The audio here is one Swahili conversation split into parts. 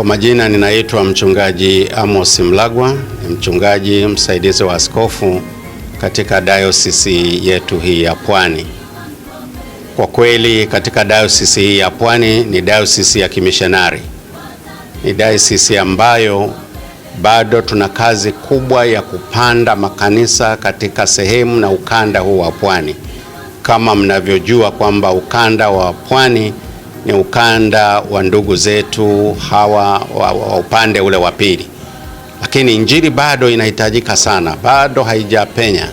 Kwa majina ninaitwa mchungaji Amos Mlagwa, ni mchungaji msaidizi wa askofu katika dayosisi yetu hii ya Pwani. Kwa kweli katika dayosisi hii ya Pwani ni dayosisi ya kimishonari, ni dayosisi ambayo bado tuna kazi kubwa ya kupanda makanisa katika sehemu na ukanda huu wa Pwani. Kama mnavyojua kwamba ukanda wa Pwani ni ukanda wa ndugu zetu hawa wa, wa upande ule wa pili, lakini injili bado inahitajika sana, bado haijapenya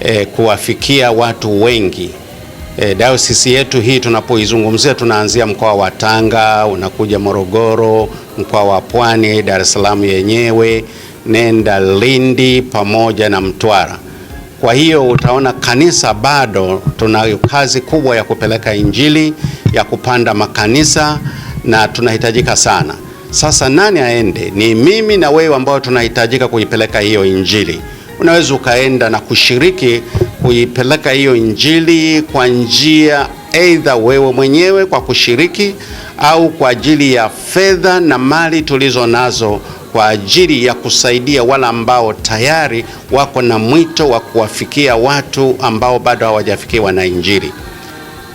e, kuwafikia watu wengi. E, dayosisi yetu hii tunapoizungumzia tunaanzia mkoa wa Tanga, unakuja Morogoro, mkoa wa Pwani, Dar es Salaam yenyewe, nenda Lindi pamoja na Mtwara. Kwa hiyo utaona kanisa bado tuna kazi kubwa ya kupeleka Injili, ya kupanda makanisa na tunahitajika sana. Sasa nani aende? Ni mimi na wewe ambao tunahitajika kuipeleka hiyo Injili. Unaweza ukaenda na kushiriki kuipeleka hiyo Injili kwa njia aidha wewe mwenyewe kwa kushiriki au kwa ajili ya fedha na mali tulizo nazo kwa ajili ya kusaidia wale ambao tayari wako na mwito wa kuwafikia watu ambao bado hawajafikiwa na Injili.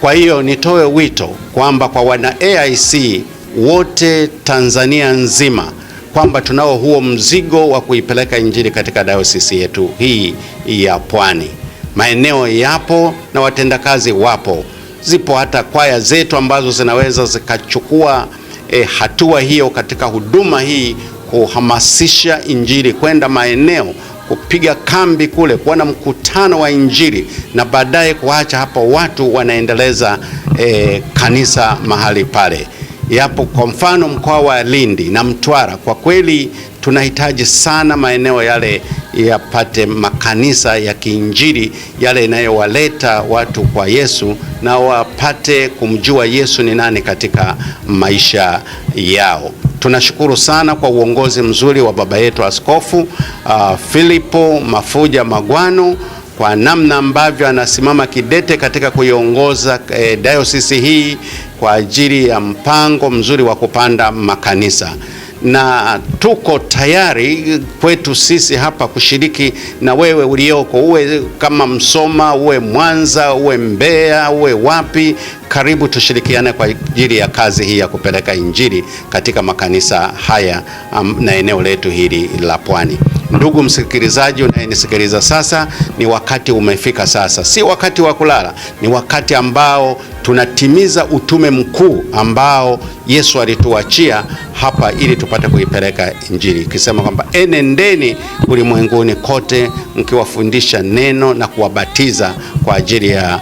Kwa hiyo nitoe wito kwamba kwa wana AIC wote Tanzania nzima kwamba tunao huo mzigo wa kuipeleka Injili katika dayosisi yetu hii ya Pwani. Maeneo yapo na watendakazi wapo, zipo hata kwaya zetu ambazo zinaweza zikachukua e, hatua hiyo katika huduma hii kuhamasisha Injili, kwenda maeneo kupiga kambi kule, kuwa na mkutano wa Injili na baadaye kuacha hapo watu wanaendeleza e, kanisa mahali pale. Yapo kwa mfano mkoa wa Lindi na Mtwara, kwa kweli tunahitaji sana maeneo yale yapate makanisa ya kiinjili yale yanayowaleta watu kwa Yesu na wapate kumjua Yesu ni nani katika maisha yao. Tunashukuru sana kwa uongozi mzuri wa baba yetu Askofu uh, Filipo Mafuja Magwano kwa namna ambavyo anasimama kidete katika kuiongoza eh, dayosisi hii kwa ajili ya mpango mzuri wa kupanda makanisa na tuko tayari kwetu sisi hapa kushiriki na wewe ulioko, uwe kama Msoma, uwe Mwanza, uwe Mbeya, uwe wapi, karibu tushirikiane kwa ajili ya kazi hii ya kupeleka Injili katika makanisa haya um, na eneo letu hili la Pwani. Ndugu msikilizaji unayenisikiliza sasa, ni wakati umefika sasa, si wakati wa kulala, ni wakati ambao tunatimiza utume mkuu ambao Yesu alituachia hapa ili tupate kuipeleka Injili, ikisema kwamba enendeni ulimwenguni kote mkiwafundisha neno na kuwabatiza kwa ajili ya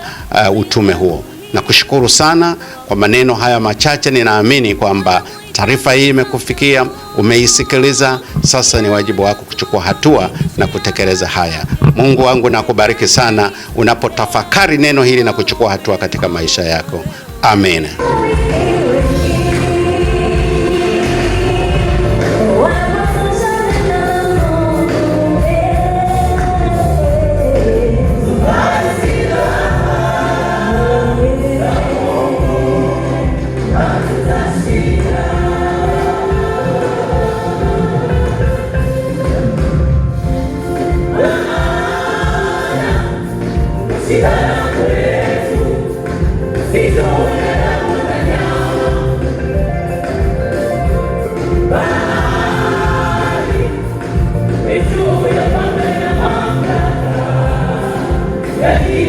uh, utume huo. Na kushukuru sana kwa maneno haya machache, ninaamini kwamba taarifa hii imekufikia, umeisikiliza. Sasa ni wajibu wako kuchukua hatua na kutekeleza haya. Mungu wangu nakubariki sana unapotafakari neno hili na kuchukua hatua katika maisha yako. Amen.